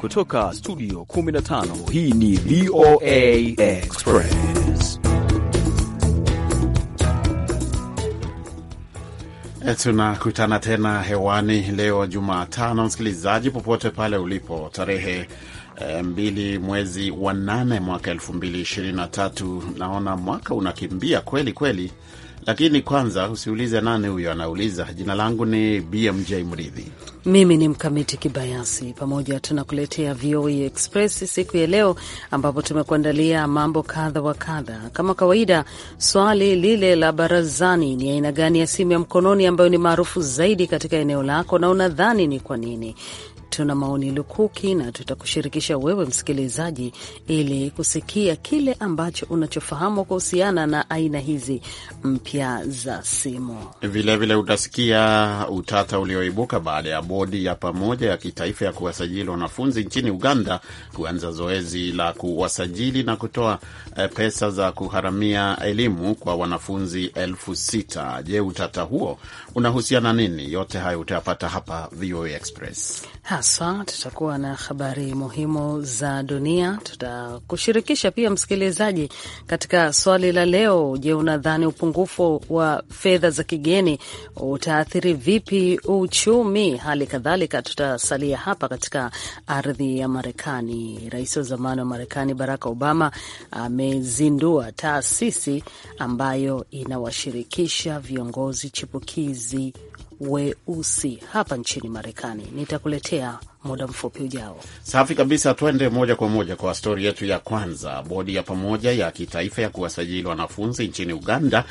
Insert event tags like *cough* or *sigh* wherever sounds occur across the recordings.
Kutoka studio 15 hii ni VOA Express. Tunakutana tena hewani leo Jumatano, msikilizaji popote pale ulipo, tarehe eh, mbili mwezi wa nane mwaka elfu mbili ishirini na tatu. Naona mwaka unakimbia kweli kweli. Lakini kwanza usiulize nani huyo anauliza. Jina langu ni BMJ Mridhi, mimi ni Mkamiti Kibayasi. Pamoja tunakuletea VOA e Express siku ya leo, ambapo tumekuandalia mambo kadha wa kadha. Kama kawaida, swali lile la barazani ni aina gani ya simu ya mkononi ambayo ni maarufu zaidi katika eneo lako na unadhani ni kwa nini? Tuna maoni lukuki na tutakushirikisha wewe msikilizaji, ili kusikia kile ambacho unachofahamu kuhusiana na aina hizi mpya za simu. Vilevile utasikia utata ulioibuka baada ya bodi ya pamoja ya kitaifa ya kuwasajili wanafunzi nchini Uganda kuanza zoezi la kuwasajili na kutoa eh, pesa za kuharamia elimu kwa wanafunzi elfu sita. Je, utata huo unahusiana nini? Yote hayo utayapata hapa VOA Express ha haswa tutakuwa na habari muhimu za dunia. Tutakushirikisha pia msikilizaji katika swali la leo. Je, unadhani upungufu wa fedha za kigeni utaathiri vipi uchumi? Hali kadhalika tutasalia hapa katika ardhi ya Marekani. Rais wa zamani wa Marekani Barack Obama amezindua taasisi ambayo inawashirikisha viongozi chipukizi weusi hapa nchini Marekani. Nitakuletea muda mfupi ujao. Safi kabisa, twende moja kwa moja kwa stori yetu ya kwanza. Bodi ya pamoja ya kitaifa ya kuwasajili wanafunzi nchini Uganda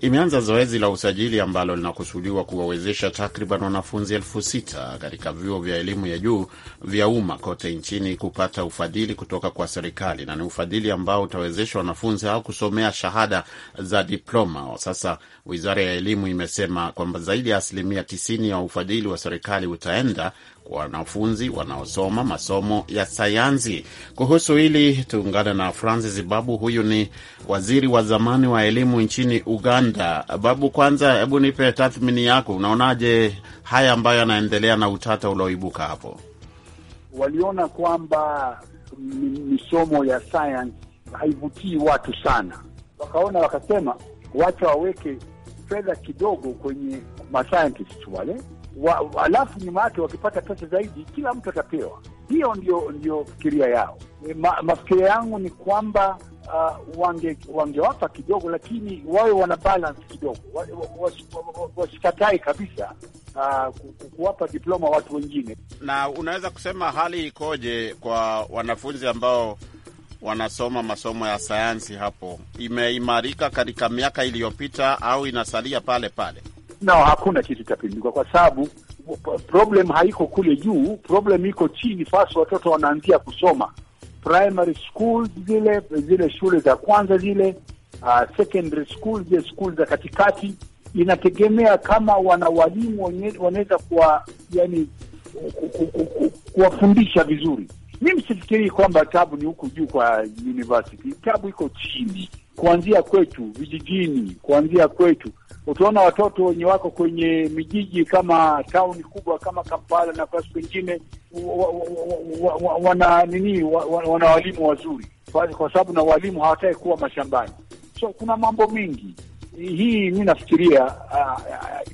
imeanza zoezi la usajili ambalo linakusudiwa kuwawezesha takriban wanafunzi elfu sita katika vyuo vya elimu ya juu vya umma kote nchini kupata ufadhili kutoka kwa serikali, na ni ufadhili ambao utawezesha wanafunzi hao kusomea shahada za diploma. Sasa wizara ya elimu imesema kwamba zaidi ya asilimia tisini ya ufadhili wa serikali utaenda wanafunzi wanaosoma masomo ya sayansi. Kuhusu hili tuungane na Francis Babu, huyu ni waziri wa zamani wa elimu nchini Uganda. Babu, kwanza hebu nipe tathmini yako, unaonaje haya ambayo yanaendelea na utata ulioibuka hapo? Waliona kwamba misomo ya sayansi haivutii watu sana, wakaona wakasema, wacha waweke fedha kidogo kwenye mascientists wale alafu nyuma yake wakipata pesa zaidi, kila mtu atapewa. Hiyo ndio ndio fikiria yao. Ma, mafikiria yangu ni kwamba uh, wange wangewapa kidogo, lakini wawe wana balance kidogo, wasikatae kabisa uh, kuwapa diploma watu wengine. Na unaweza kusema hali ikoje kwa wanafunzi ambao wanasoma masomo ya sayansi hapo, imeimarika katika miaka iliyopita au inasalia pale pale? no, hakuna kitu itapinduka kwa sababu problem haiko kule juu, problem iko chini. Fasi watoto wanaanzia kusoma primary school, zile zile shule za kwanza zile, uh, secondary school, zile school za katikati. Inategemea kama wana walimu wanaweza kuwa yani kuwafundisha vizuri. Mimi sifikirii kwamba tabu ni huku juu kwa university, tabu iko chini kuanzia kwetu vijijini, kuanzia kwetu. Utaona watoto wenye wako kwenye mijiji kama tauni kubwa kama Kampala na nafasi pengine, wana nini, wana walimu wazuri, kwa sababu na walimu hawataki kuwa mashambani. So kuna mambo mengi hii, mi nafikiria ah, ah,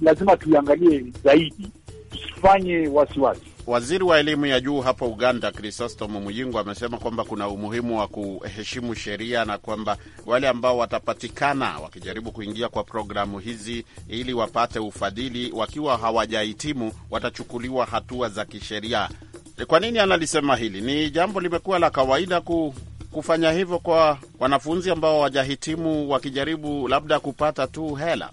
lazima tuiangalie zaidi, tusifanye wasiwasi. Waziri wa elimu ya juu hapo Uganda, Chrysostom Muyingo, amesema kwamba kuna umuhimu wa kuheshimu sheria na kwamba wale ambao watapatikana wakijaribu kuingia kwa programu hizi ili wapate ufadhili wakiwa hawajahitimu watachukuliwa hatua za kisheria. E, kwa nini analisema hili? Ni jambo limekuwa la kawaida ku kufanya hivyo kwa wanafunzi ambao hawajahitimu wakijaribu labda kupata tu hela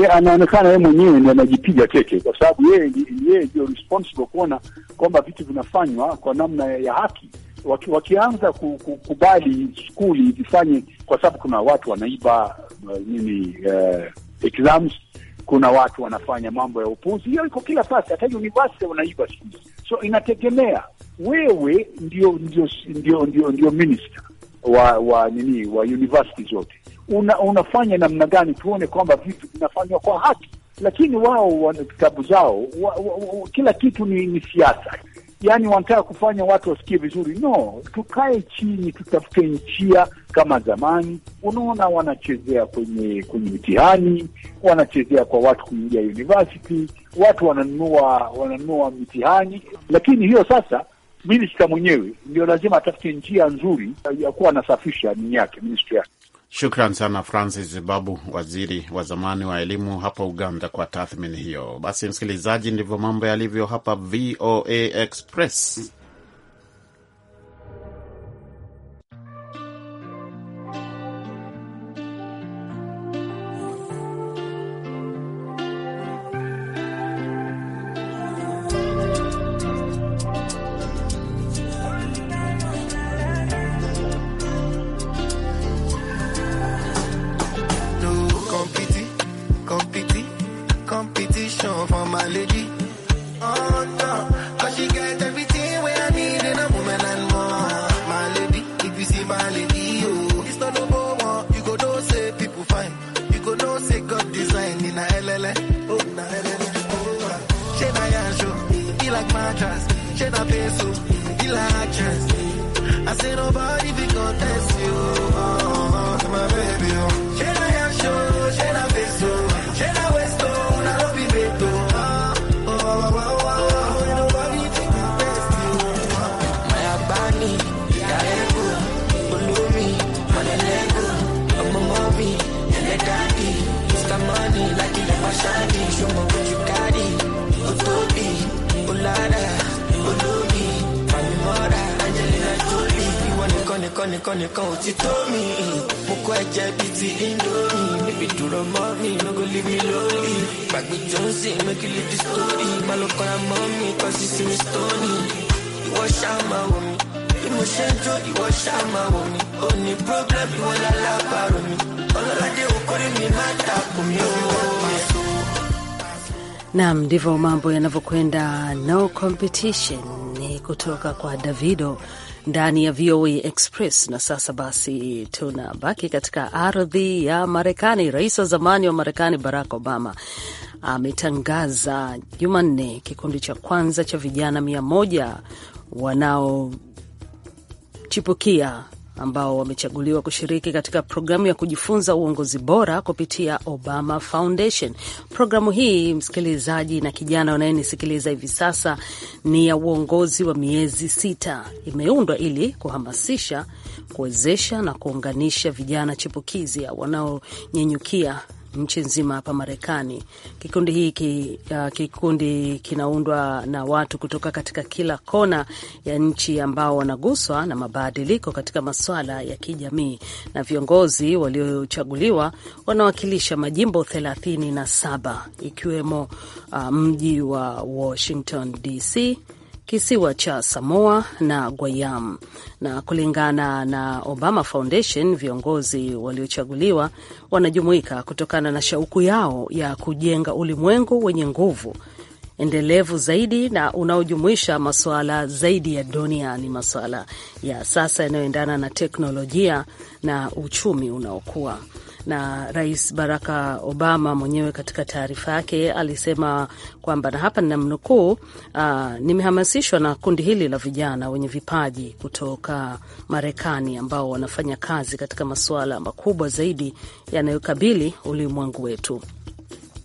ye anaonekana yeye mwenyewe ndiye anajipiga teke, kwa sababu yeye ndio responsible kuona kwamba vitu vinafanywa kwa namna ya haki. Waki, wakianza kukubali skuli zifanye, kwa sababu kuna watu wanaiba uh, nini uh, exams, kuna watu wanafanya mambo ya upuzi. Hiyo iko kila pasi, hata university wanaiba siku So inategemea wewe ndio ndio ndio ndio, ndio minister wa wa nini wa university zote una, unafanya namna gani, tuone kwamba vitu vinafanywa kwa haki. Lakini wao wana kitabu zao wa, wa, wa, kila kitu ni, ni siasa Yaani wanataka kufanya watu wasikie vizuri. No, tukae chini, tutafute njia kama zamani. Unaona, wanachezea kwenye kwenye mitihani, wanachezea kwa watu kuingia university, watu wananunua wananunua mitihani. Lakini hiyo sasa, minista mwenyewe ndio lazima atafute njia nzuri ya kuwa anasafisha nini yake, ministry yake. Shukran sana Francis Babu, waziri wa zamani wa elimu hapa Uganda, kwa tathmini hiyo. Basi msikilizaji, ndivyo mambo yalivyo hapa VOA Express. ti tó no go leave me lonely make you leave story mi mi Nam, ndivyo mambo yanavyokwenda. No competition ni kutoka kwa Davido ndani ya VOA Express. Na sasa basi, tunabaki katika ardhi ya Marekani. Rais wa zamani wa Marekani Barack Obama ametangaza Jumanne kikundi cha kwanza cha vijana mia moja ambao wamechaguliwa kushiriki katika programu ya kujifunza uongozi bora kupitia Obama Foundation. Programu hii, msikilizaji na kijana unayenisikiliza hivi sasa, ni ya uongozi wa miezi sita. Imeundwa ili kuhamasisha, kuwezesha na kuunganisha vijana chipukizi wanaonyenyukia nchi nzima hapa Marekani. Kikundi hiki uh, kikundi kinaundwa na watu kutoka katika kila kona ya nchi ambao wanaguswa na mabadiliko katika masuala ya kijamii, na viongozi waliochaguliwa wanawakilisha majimbo 37 ikiwemo uh, mji wa Washington DC kisiwa cha Samoa na Guayam. Na kulingana na Obama Foundation, viongozi waliochaguliwa wanajumuika kutokana na shauku yao ya kujenga ulimwengu wenye nguvu endelevu zaidi na unaojumuisha masuala zaidi ya dunia. Ni masuala ya sasa yanayoendana na teknolojia na uchumi unaokua na Rais Baraka Obama mwenyewe katika taarifa yake alisema kwamba, na hapa ninamnukuu, uh, nimehamasishwa na kundi hili la vijana wenye vipaji kutoka Marekani ambao wanafanya kazi katika masuala makubwa zaidi yanayokabili ulimwengu wetu.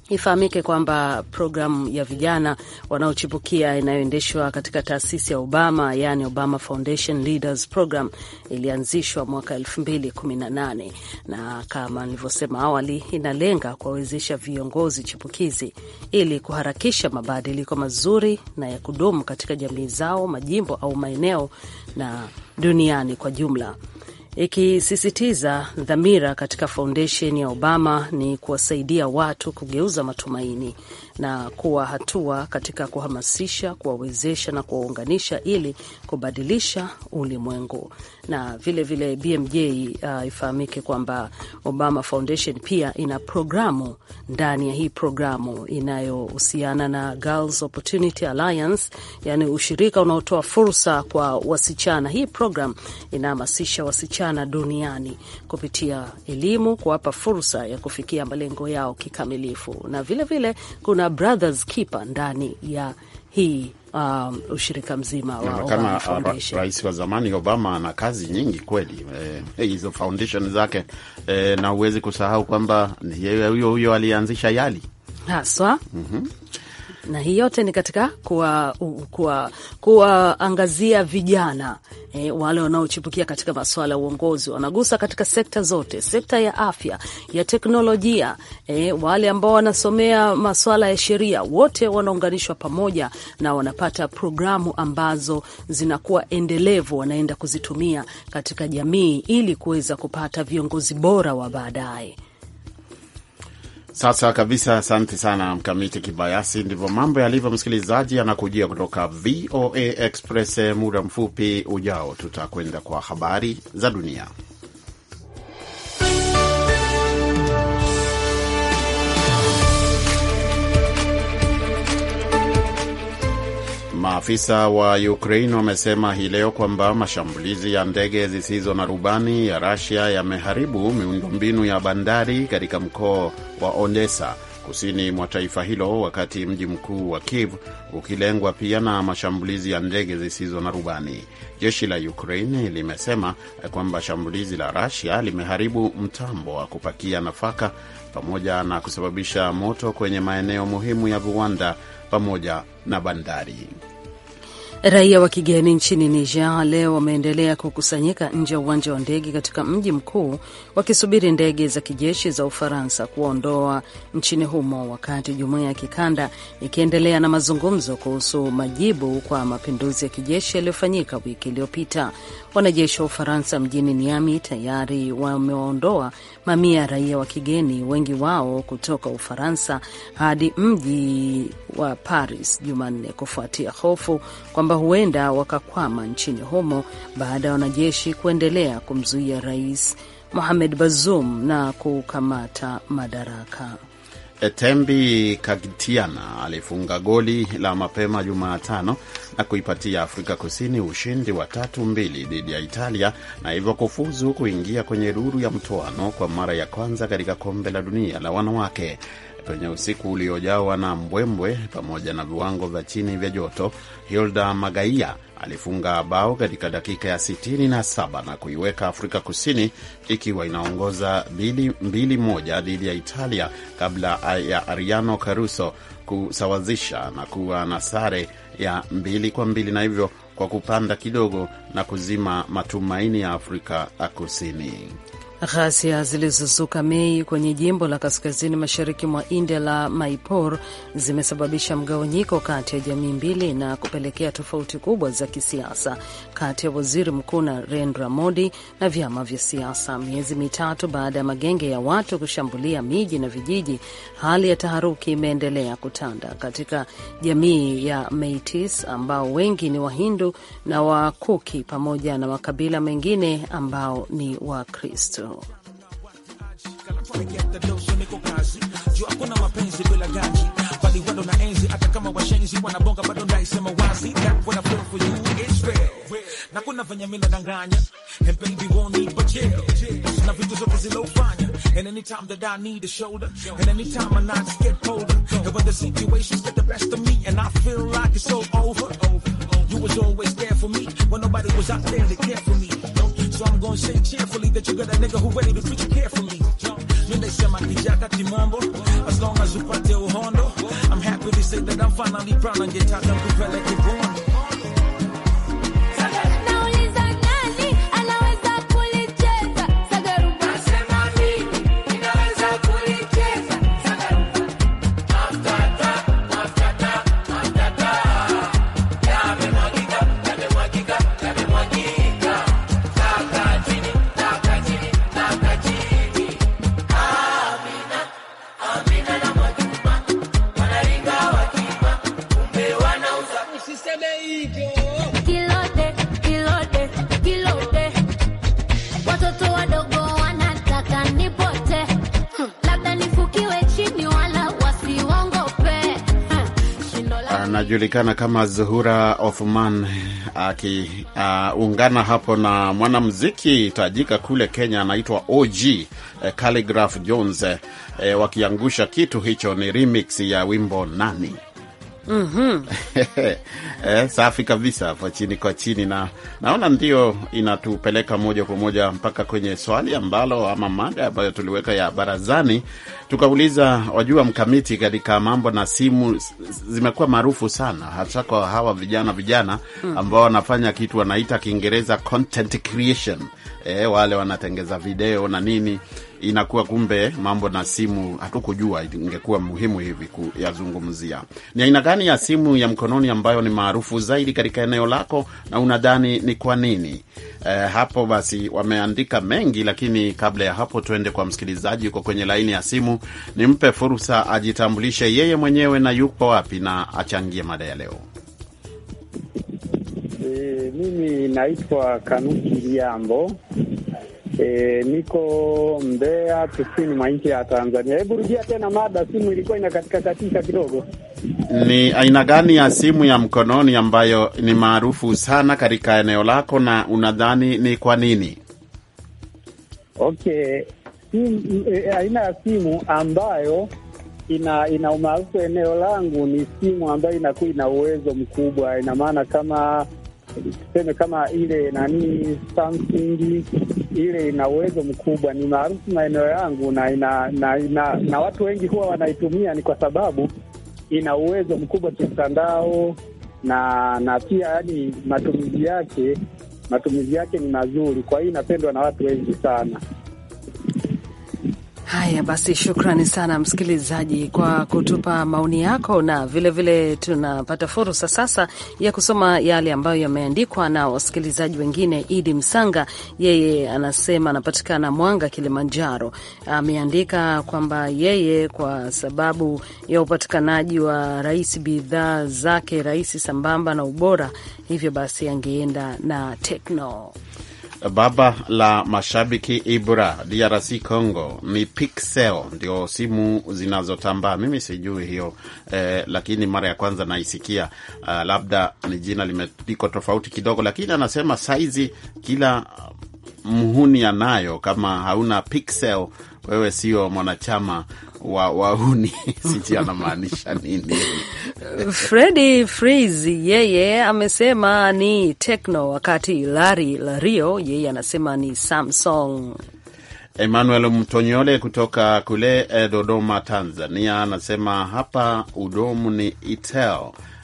Ifahamike kwamba programu ya vijana wanaochipukia inayoendeshwa katika taasisi ya Obama, yani Obama Foundation Leaders Program, ilianzishwa mwaka 2018 na kama nilivyosema awali, inalenga kuwawezesha viongozi chipukizi ili kuharakisha mabadiliko mazuri na ya kudumu katika jamii zao, majimbo au maeneo na duniani kwa jumla ikisisitiza dhamira katika foundation ya Obama ni kuwasaidia watu kugeuza matumaini na kuwa hatua katika kuhamasisha, kuwawezesha na kuwaunganisha ili kubadilisha ulimwengu na vilevile vile BMJ. Uh, ifahamike kwamba Obama Foundation pia ina programu ndani ya hii programu inayohusiana na Girls Opportunity Alliance, yani ushirika unaotoa fursa kwa wasichana. Hii program inahamasisha wasichana duniani kupitia elimu, kuwapa fursa ya kufikia malengo yao kikamilifu, na vilevile vile kuna Brothers Keeper ndani ya hii uh, ushirika mzima wa Obama Foundation. Rais wa zamani Obama ana kazi nyingi kweli, eh, eh hizo foundation zake eh, na huwezi kusahau kwamba yeye huyo huyo alianzisha YALI haswa. mm -hmm na hii yote ni katika kuwaangazia kuwa, kuwa vijana e, wale wanaochipukia katika masuala ya uongozi. Wanagusa katika sekta zote, sekta ya afya, ya teknolojia e, wale ambao wanasomea masuala ya sheria, wote wanaunganishwa pamoja na wanapata programu ambazo zinakuwa endelevu, wanaenda kuzitumia katika jamii ili kuweza kupata viongozi bora wa baadaye. Sasa kabisa, asante sana Mkamiti Kibayasi. Ndivyo mambo yalivyo, msikilizaji. Anakujia kutoka VOA Express. Muda mfupi ujao, tutakwenda kwa habari za dunia. Maafisa wa Ukraine wamesema hii leo kwamba mashambulizi ya ndege zisizo na rubani ya rasia yameharibu miundombinu ya bandari katika mkoa wa Odessa kusini mwa taifa hilo, wakati mji mkuu wa Kiev ukilengwa pia na mashambulizi ya ndege zisizo na rubani. Jeshi la Ukraine limesema kwamba shambulizi la rasia limeharibu mtambo wa kupakia nafaka pamoja na kusababisha moto kwenye maeneo muhimu ya viwanda pamoja na bandari. Raia wa kigeni nchini Niger leo wameendelea kukusanyika nje ya uwanja wa ndege katika mji mkuu wakisubiri ndege za kijeshi za Ufaransa kuwaondoa nchini humo, wakati jumuiya ya kikanda ikiendelea na mazungumzo kuhusu majibu kwa mapinduzi ya kijeshi yaliyofanyika wiki iliyopita. Wanajeshi wa Ufaransa mjini niami tayari wamewaondoa mamia ya raia wa kigeni, wengi wao kutoka Ufaransa, hadi mji wa Paris Jumanne kufuatia hofu kwamba huenda wakakwama nchini humo baada ya wanajeshi kuendelea kumzuia Rais Mohamed Bazoum na kukamata madaraka. Etembi Kagitiana alifunga goli la mapema Jumatano na kuipatia Afrika Kusini ushindi wa tatu mbili dhidi ya Italia na hivyo kufuzu kuingia kwenye duru ya mtoano kwa mara ya kwanza katika kombe la dunia la wanawake penye usiku uliojawa na mbwembwe pamoja na viwango vya chini vya joto, Hilda Magaia alifunga bao katika dakika ya 67 na kuiweka Afrika Kusini ikiwa inaongoza mbili moja dhidi ya Italia kabla ya Ariano Caruso kusawazisha na kuwa na sare ya mbili kwa mbili na hivyo kwa kupanda kidogo na kuzima matumaini ya Afrika Kusini. Ghasia zilizozuka Mei kwenye jimbo la kaskazini mashariki mwa India la Manipur zimesababisha mgawanyiko kati ya jamii mbili na kupelekea tofauti kubwa za kisiasa kati ya waziri mkuu Narendra Modi na vyama vya siasa. Miezi mitatu baada ya magenge ya watu kushambulia miji na vijiji, hali ya taharuki imeendelea kutanda katika jamii ya Meitis ambao wengi ni Wahindu na Wakuki pamoja na makabila mengine ambao ni Wakristo. Mao. juu hakuna mapenzi bila ganji, bali wado na enzi. Hata kama washenzi wanabonga, bado ndaisema wazi na kuna vanya mimi nadanganya na vitu zote zilofanya, and anytime that I need a shoulder, and anytime my nights get colder, and when the situations get the best of me, and I feel like it's all over, you was always there for me when nobody was out there to care for me. Don't so I'm gonna say cheerfully that you got a nigga who ready to treat you carefully. Yule sema kijaka kimombo, as long as you're upate uhondo. I'm happy to say that I'm finally proud and get out of kupele kibuni. anajulikana kama Zuhura Othman akiungana uh, hapo na mwanamuziki tajika kule Kenya anaitwa OG eh, Khaligraph Jones eh, wakiangusha kitu hicho, ni remix ya wimbo nani? mm -hmm. *laughs* Eh, safi kabisa hapo chini kwa chini, na naona ndio inatupeleka moja kwa moja mpaka kwenye swali ambalo ama mada ambayo tuliweka ya barazani tukauliza, wajua mkamiti, katika mambo na simu zimekuwa maarufu sana, hasa kwa hawa vijana vijana hmm. ambao wanafanya kitu wanaita Kiingereza content creation. E, wale wanatengeza video na nini, inakuwa kumbe mambo na simu hatukujua ingekuwa muhimu hivi kuyazungumzia. Ni aina gani ya simu ya mkononi ambayo ni maarufu zaidi katika eneo lako na unadhani ni kwa nini? E, hapo basi wameandika mengi, lakini kabla ya hapo tuende kwa msikilizaji uko kwenye laini ya simu nimpe fursa ajitambulishe yeye mwenyewe na yuko wapi na achangie mada ya leo. E, mimi naitwa Kanuki Liambo. E, niko Mbeya kusini mwa nchi ya Tanzania. Hebu rudia tena mada, simu ilikuwa inakatika katika kidogo. Ni aina gani ya simu ya mkononi ambayo ni maarufu sana katika eneo lako na unadhani ni kwa nini? Okay, simu, e, aina ya simu ambayo ina ina umaarufu eneo langu ni simu ambayo inakuwa ina uwezo mkubwa. Ina maana kama tuseme kama ile nani Samsung ile ina uwezo mkubwa, ni maarufu maeneo yangu na ina, na, ina, na watu wengi huwa wanaitumia ni kwa sababu ina uwezo mkubwa kimtandao na na pia yani matumizi yake matumizi yake ni mazuri, kwa hiyo inapendwa na watu wengi sana. Haya basi, shukrani sana msikilizaji kwa kutupa maoni yako, na vilevile vile tunapata fursa sasa ya kusoma yale ambayo yameandikwa na wasikilizaji wengine. Idi Msanga yeye anasema anapatikana Mwanga, Kilimanjaro. Ameandika kwamba yeye kwa sababu ya upatikanaji wa rais bidhaa zake rahisi sambamba na ubora, hivyo basi angeenda na Tekno baba la mashabiki Ibra DRC Congo ni Pixel, ndio simu zinazotambaa. Mimi sijui hiyo eh, lakini mara ya kwanza naisikia. Uh, labda ni jina limeandikwa tofauti kidogo, lakini anasema saizi kila mhuni anayo Kama hauna pixel, wewe sio mwanachama wa wauni. *laughs* Sijui anamaanisha nini. Freddy Freeze yeye amesema ni techno, wakati Lari Lario yeye anasema ni Samsung. Emmanuel Mtonyole kutoka kule eh, Dodoma, Tanzania anasema hapa udomu ni Itel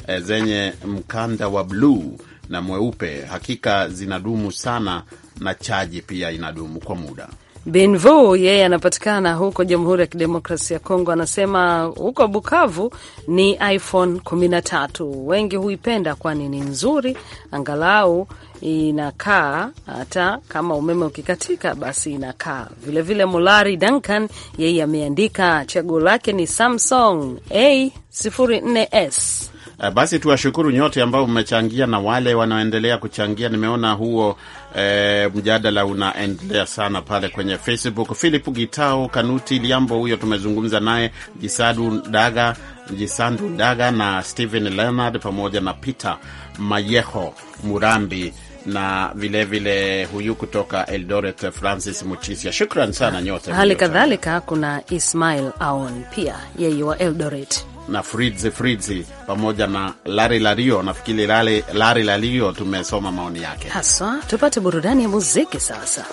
eh, zenye mkanda wa bluu na mweupe, hakika zinadumu sana na chaji pia inadumu kwa muda. Benvo yeye anapatikana huko Jamhuri ya Kidemokrasia ya Kongo, anasema huko Bukavu ni iPhone 13 wengi huipenda, kwani ni nzuri, angalau inakaa hata kama umeme ukikatika, basi inakaa vilevile. Mulari Duncan yeye ameandika chaguo lake ni Samsung A04s. Eh, basi tuwashukuru nyote ambao mmechangia na wale wanaoendelea kuchangia. Nimeona huo E, mjadala unaendelea sana pale kwenye Facebook. Philip Gitao, Kanuti Liambo, huyo tumezungumza naye, Jisadu Daga, Jisandu Daga na Stephen Leonard pamoja na Peter Mayeho Murambi na vilevile vile huyu kutoka Eldoret Francis Muchisia. Shukran sana nyote. Hali kadhalika kuna Ismail Aon pia yeye wa Eldoret na fridzi fridzi pamoja na Lari Lario. Nafikiri Lari Lario tumesoma maoni yake haswa. Tupate burudani ya muziki sasa.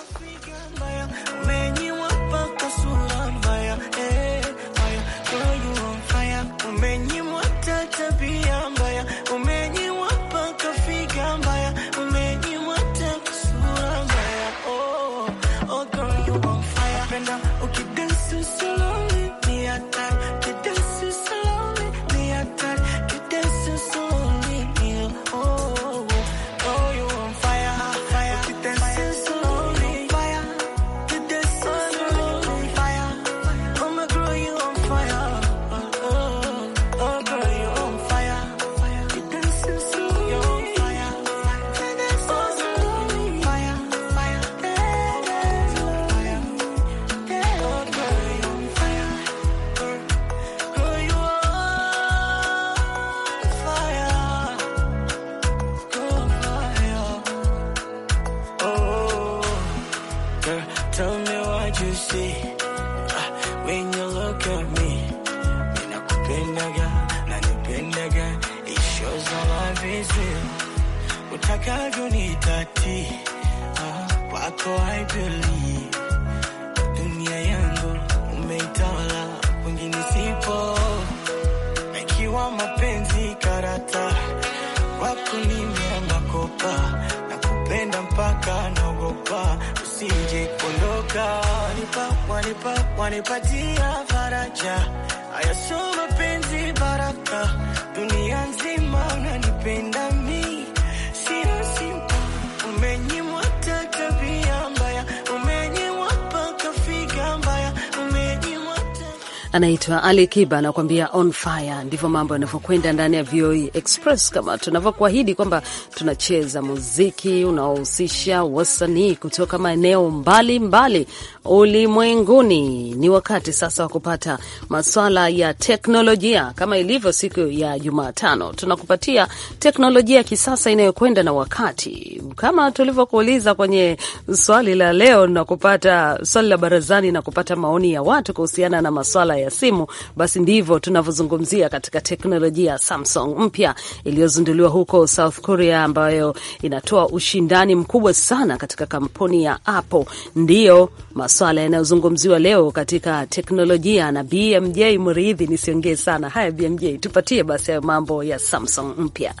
anaitwa Ali Kiba anakuambia on fire. Ndivyo mambo yanavyokwenda ndani ya VOA e Express, kama tunavyokuahidi kwamba tunacheza muziki unaohusisha wasanii kutoka maeneo mbalimbali ulimwenguni. Ni wakati sasa wa kupata maswala ya teknolojia. Kama ilivyo siku ya Jumatano, tunakupatia teknolojia ya kisasa inayokwenda na wakati, kama tulivyokuuliza kwenye swali la leo na kupata swali la barazani na kupata maoni ya watu kuhusiana na maswala ya simu. Basi ndivyo tunavyozungumzia katika teknolojia ya Samsung mpya iliyozinduliwa huko South Korea, ambayo inatoa ushindani mkubwa sana katika kampuni ya Apple. Ndiyo maswala yanayozungumziwa leo katika teknolojia na BMJ Mridhi. Nisiongee sana haya, BMJ, tupatie basi hayo mambo ya Samsung mpya.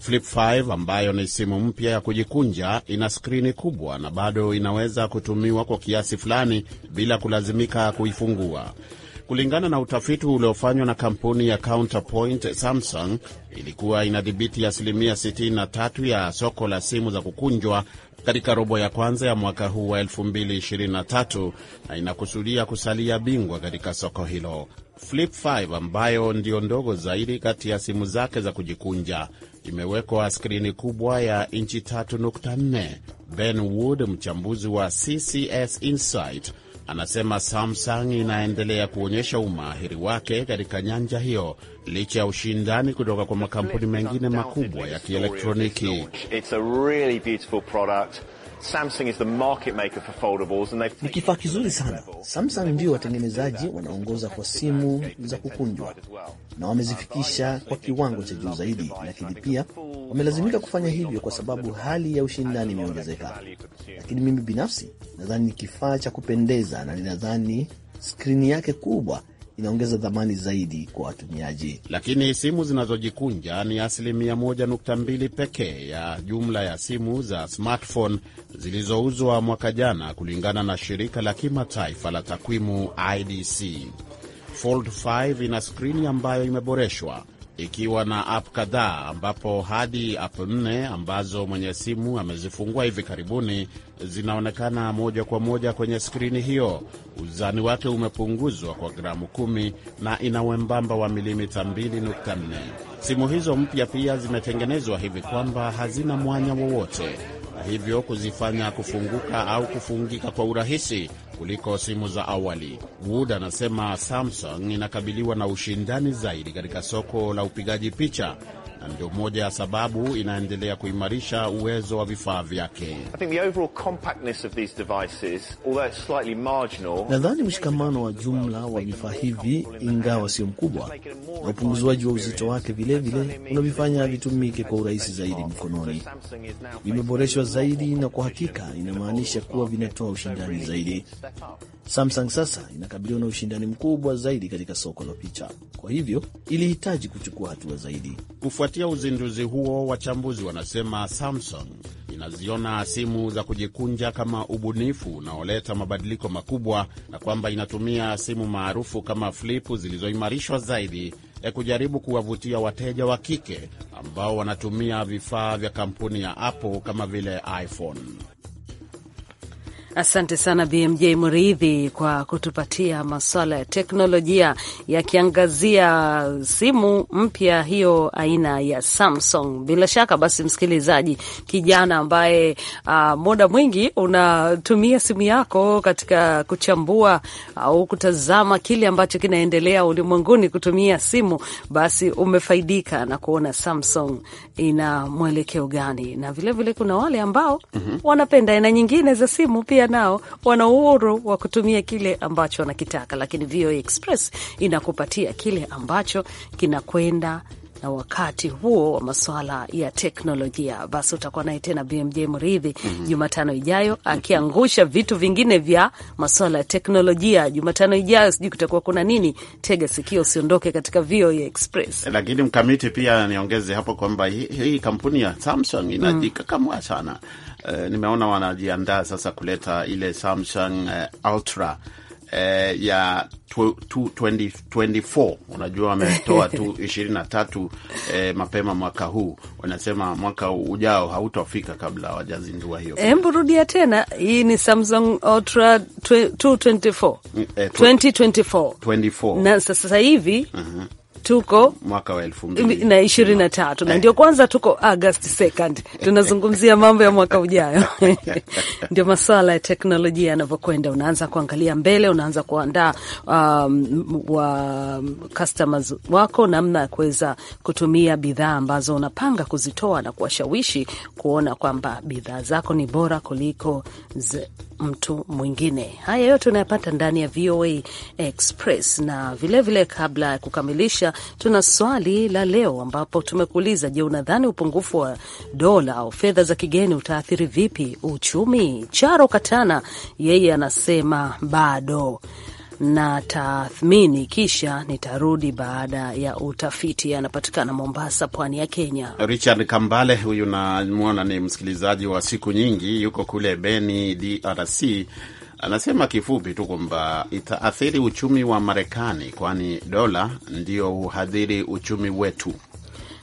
Flip 5 ambayo ni simu mpya ya kujikunja ina skrini kubwa na bado inaweza kutumiwa kwa kiasi fulani bila kulazimika kuifungua. Kulingana na utafiti uliofanywa na kampuni ya Counterpoint, Samsung ilikuwa inadhibiti asilimia 63 ya soko la simu za kukunjwa katika robo ya kwanza ya mwaka huu wa 2023 na inakusudia kusalia bingwa katika soko hilo. Flip 5 ambayo ndiyo ndogo zaidi kati ya simu zake za kujikunja imewekwa skrini kubwa ya inchi 3.4. Ben Wood, mchambuzi wa CCS Insight, Anasema Samsung inaendelea kuonyesha umahiri wake katika nyanja hiyo licha ya ushindani kutoka kwa makampuni mengine makubwa ya kielektroniki. Samsung is the market maker for foldables and they've... Ni kifaa kizuri sana. Samsung ndio watengenezaji wanaongoza kwa simu za kukunjwa na wamezifikisha kwa kiwango cha juu zaidi, lakini pia wamelazimika kufanya hivyo kwa sababu hali ya ushindani imeongezeka. Lakini mimi binafsi nadhani ni kifaa cha kupendeza na ninadhani skrini yake kubwa inaongeza thamani zaidi kwa watumiaji. Lakini simu zinazojikunja ni asilimia 1.2 pekee ya jumla ya simu za smartphone zilizouzwa mwaka jana, kulingana na shirika la kimataifa la takwimu IDC. Fold 5 ina skrini ambayo imeboreshwa ikiwa na app kadhaa, ambapo hadi app nne ambazo mwenye simu amezifungua hivi karibuni zinaonekana moja kwa moja kwenye skrini hiyo. Uzani wake umepunguzwa kwa gramu kumi na ina wembamba wa milimita 2.4. Simu hizo mpya pia zimetengenezwa hivi kwamba hazina mwanya wowote hivyo kuzifanya kufunguka au kufungika kwa urahisi kuliko simu za awali. Wood anasema Samsung inakabiliwa na ushindani zaidi katika soko la upigaji picha ndio moja ya sababu inaendelea kuimarisha uwezo wa vifaa vyake. Nadhani mshikamano wa jumla wa vifaa hivi, ingawa sio mkubwa, na upunguzwaji wa uzito wake vilevile unavifanya vitumike kwa urahisi zaidi mkononi. Vimeboreshwa zaidi na kwa hakika inamaanisha kuwa vinatoa ushindani zaidi. Samsung sasa inakabiliwa na ushindani mkubwa zaidi katika soko la picha, kwa hivyo ilihitaji kuchukua hatua zaidi. Ufuati Kufuatia uzinduzi huo, wachambuzi wanasema Samsung inaziona simu za kujikunja kama ubunifu unaoleta mabadiliko makubwa na kwamba inatumia simu maarufu kama flipu zilizoimarishwa zaidi ya eh, kujaribu kuwavutia wateja wa kike ambao wanatumia vifaa vya kampuni ya Apple kama vile iPhone. Asante sana BMJ Mridhi kwa kutupatia maswala ya teknolojia yakiangazia simu mpya hiyo aina ya Samsung. Bila shaka basi, msikilizaji kijana ambaye uh, muda mwingi unatumia simu yako katika kuchambua ah, au uh, kutazama kile ambacho kinaendelea ulimwenguni kutumia simu, basi umefaidika na kuona Samsung ina mwelekeo gani, na vilevile vile kuna wale ambao mm -hmm. wanapenda aina nyingine za simu pia nao wana uhuru wa kutumia kile ambacho wanakitaka, lakini VOA e Express inakupatia kile ambacho kinakwenda na wakati huo wa masuala ya teknolojia. Basi utakuwa naye tena BMJ Mridhi mhm. Jumatano mm -hmm. ijayo akiangusha vitu vingine vya masuala ya teknolojia. Jumatano ijayo sijui kutakuwa kuna nini. Tega sikio, usiondoke katika VOA Express. Lakini mkamiti pia niongeze hapo kwamba hii hi kampuni ya Samsung inajikakamua mm. sana. Uh, nimeona wanajiandaa sasa kuleta ile Samsung uh, Ultra eh, ya 2024 unajua wametoa *laughs* tu 23 eh, mapema mwaka huu. Wanasema mwaka ujao hautafika kabla wajazindua hiyo. Hebu rudia tena, hii ni Samsung Ultra 224 mm, eh, 2024 24 na sasa hivi uh mhm. -huh tuko mwaka wa elfu mbili na ishirini na tatu na eh. ndio kwanza tuko August 2 *laughs* tunazungumzia mambo ya mwaka ujayo *laughs* *laughs* ndio maswala ya teknolojia yanavyokwenda. Unaanza kuangalia mbele, unaanza kuandaa um, wa customers wako namna ya kuweza kutumia bidhaa ambazo unapanga kuzitoa na kuwashawishi kuona kwamba bidhaa zako ni bora kuliko ze mtu mwingine. Haya yote unayapata ndani ya VOA Express na vilevile vile, kabla ya kukamilisha, tuna swali la leo ambapo tumekuuliza, je, unadhani upungufu wa dola au fedha za kigeni utaathiri vipi uchumi? Charo Katana yeye anasema bado na tathmini, kisha nitarudi baada ya utafiti. Anapatikana Mombasa, pwani ya Kenya. Richard Kambale huyu namwona ni msikilizaji wa siku nyingi, yuko kule Beni, DRC. Anasema kifupi tu kwamba itaathiri uchumi wa Marekani, kwani dola ndio huhadhiri uchumi wetu.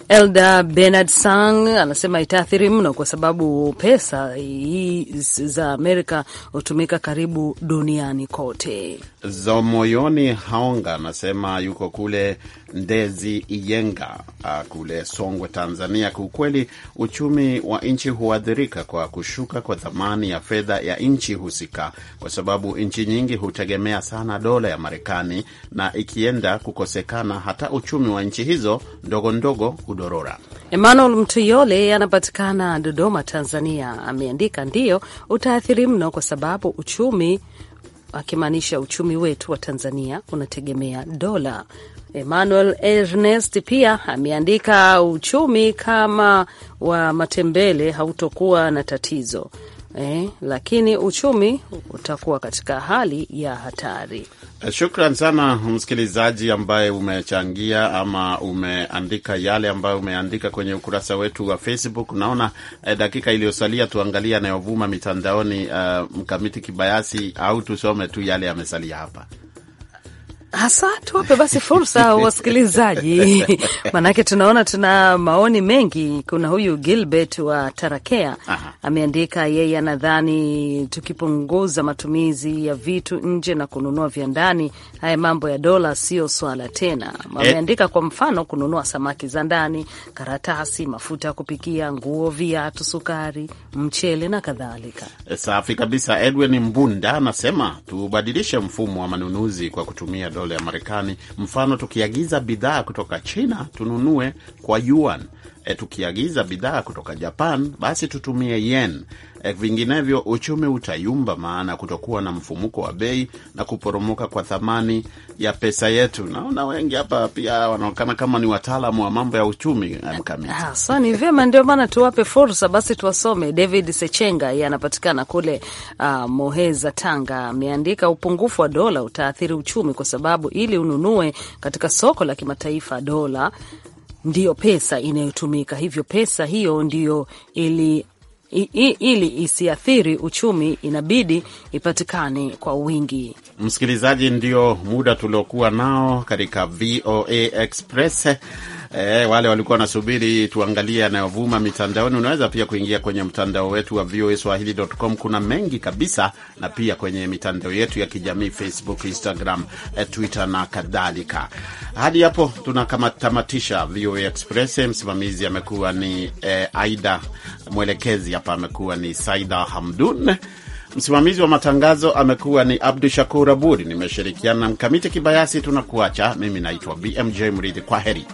Elda Bernard Sang anasema itaathiri mno, kwa sababu pesa hii za Amerika hutumika karibu duniani kote. Zomoyoni Haonga anasema yuko kule Ndezi Iyenga ah, kule Songwe, Tanzania. Kiukweli uchumi wa nchi huathirika kwa kushuka kwa thamani ya fedha ya nchi husika, kwa sababu nchi nyingi hutegemea sana dola ya Marekani, na ikienda kukosekana, hata uchumi wa nchi hizo ndogo ndogo hudorora. Emmanuel Mtuyole anapatikana Dodoma, Tanzania, ameandika ndiyo utaathiri mno, kwa sababu uchumi akimaanisha uchumi wetu wa Tanzania unategemea dola. Emmanuel Ernest pia ameandika uchumi kama wa matembele hautokuwa na tatizo eh, lakini uchumi utakuwa katika hali ya hatari. Eh, shukran sana msikilizaji ambaye umechangia ama umeandika yale ambayo umeandika kwenye ukurasa wetu wa Facebook. Naona eh, dakika iliyosalia tuangalie yanayovuma mitandaoni. Uh, mkamiti kibayasi au tusome tu yale yamesalia hapa hasa tuwape basi fursa *laughs* wasikilizaji, *laughs* maanake tunaona tuna maoni mengi. Kuna huyu Gilbert wa Tarakea Aha. ameandika yeye anadhani tukipunguza matumizi ya vitu nje na kununua vya ndani, haya mambo ya dola sio swala tena. Ameandika kwa mfano kununua samaki za ndani, karatasi, mafuta ya kupikia, nguo, viatu, sukari, mchele na kadhalika. Safi kabisa. Edwin Mbunda anasema tubadilishe mfumo wa manunuzi kwa kutumia dola dola ya Marekani. Mfano, tukiagiza bidhaa kutoka China tununue kwa yuan e, tukiagiza bidhaa kutoka Japan basi tutumie yen e, vinginevyo uchumi utayumba, maana kutokuwa na mfumuko wa bei na kuporomoka kwa thamani ya pesa yetu. Naona wengi hapa pia wanaonekana kama ni wataalamu wa mambo ya uchumi eh, mkamiti. Ah, ni vyema, ndio maana tuwape fursa basi, tuwasome. David Sechenga yeye anapatikana kule uh, Moheza, Tanga, ameandika upungufu wa dola utaathiri uchumi kwa sababu ili ununue katika soko la kimataifa dola ndiyo pesa inayotumika. Hivyo pesa hiyo ndiyo ili I, ili isiathiri uchumi inabidi ipatikane kwa wingi. Msikilizaji, ndio muda tuliokuwa nao katika VOA Express. Eh, wale walikuwa wanasubiri tuangalie anayovuma mitandaoni. Unaweza pia kuingia kwenye mtandao wetu wa voaswahili.com. Kuna mengi kabisa, na pia kwenye mitandao yetu ya kijamii Facebook, Instagram, eh, Twitter na kadhalika. Hadi hapo tunatamatisha VOA Express. Msimamizi amekuwa ni eh, Aida, mwelekezi hapa amekuwa ni Saida Hamdun, msimamizi wa matangazo amekuwa ni Abdu Shakur Abud, nimeshirikiana na Mkamiti Kibayasi. Tunakuacha, mimi naitwa BMJ Mridhi, kwa heri.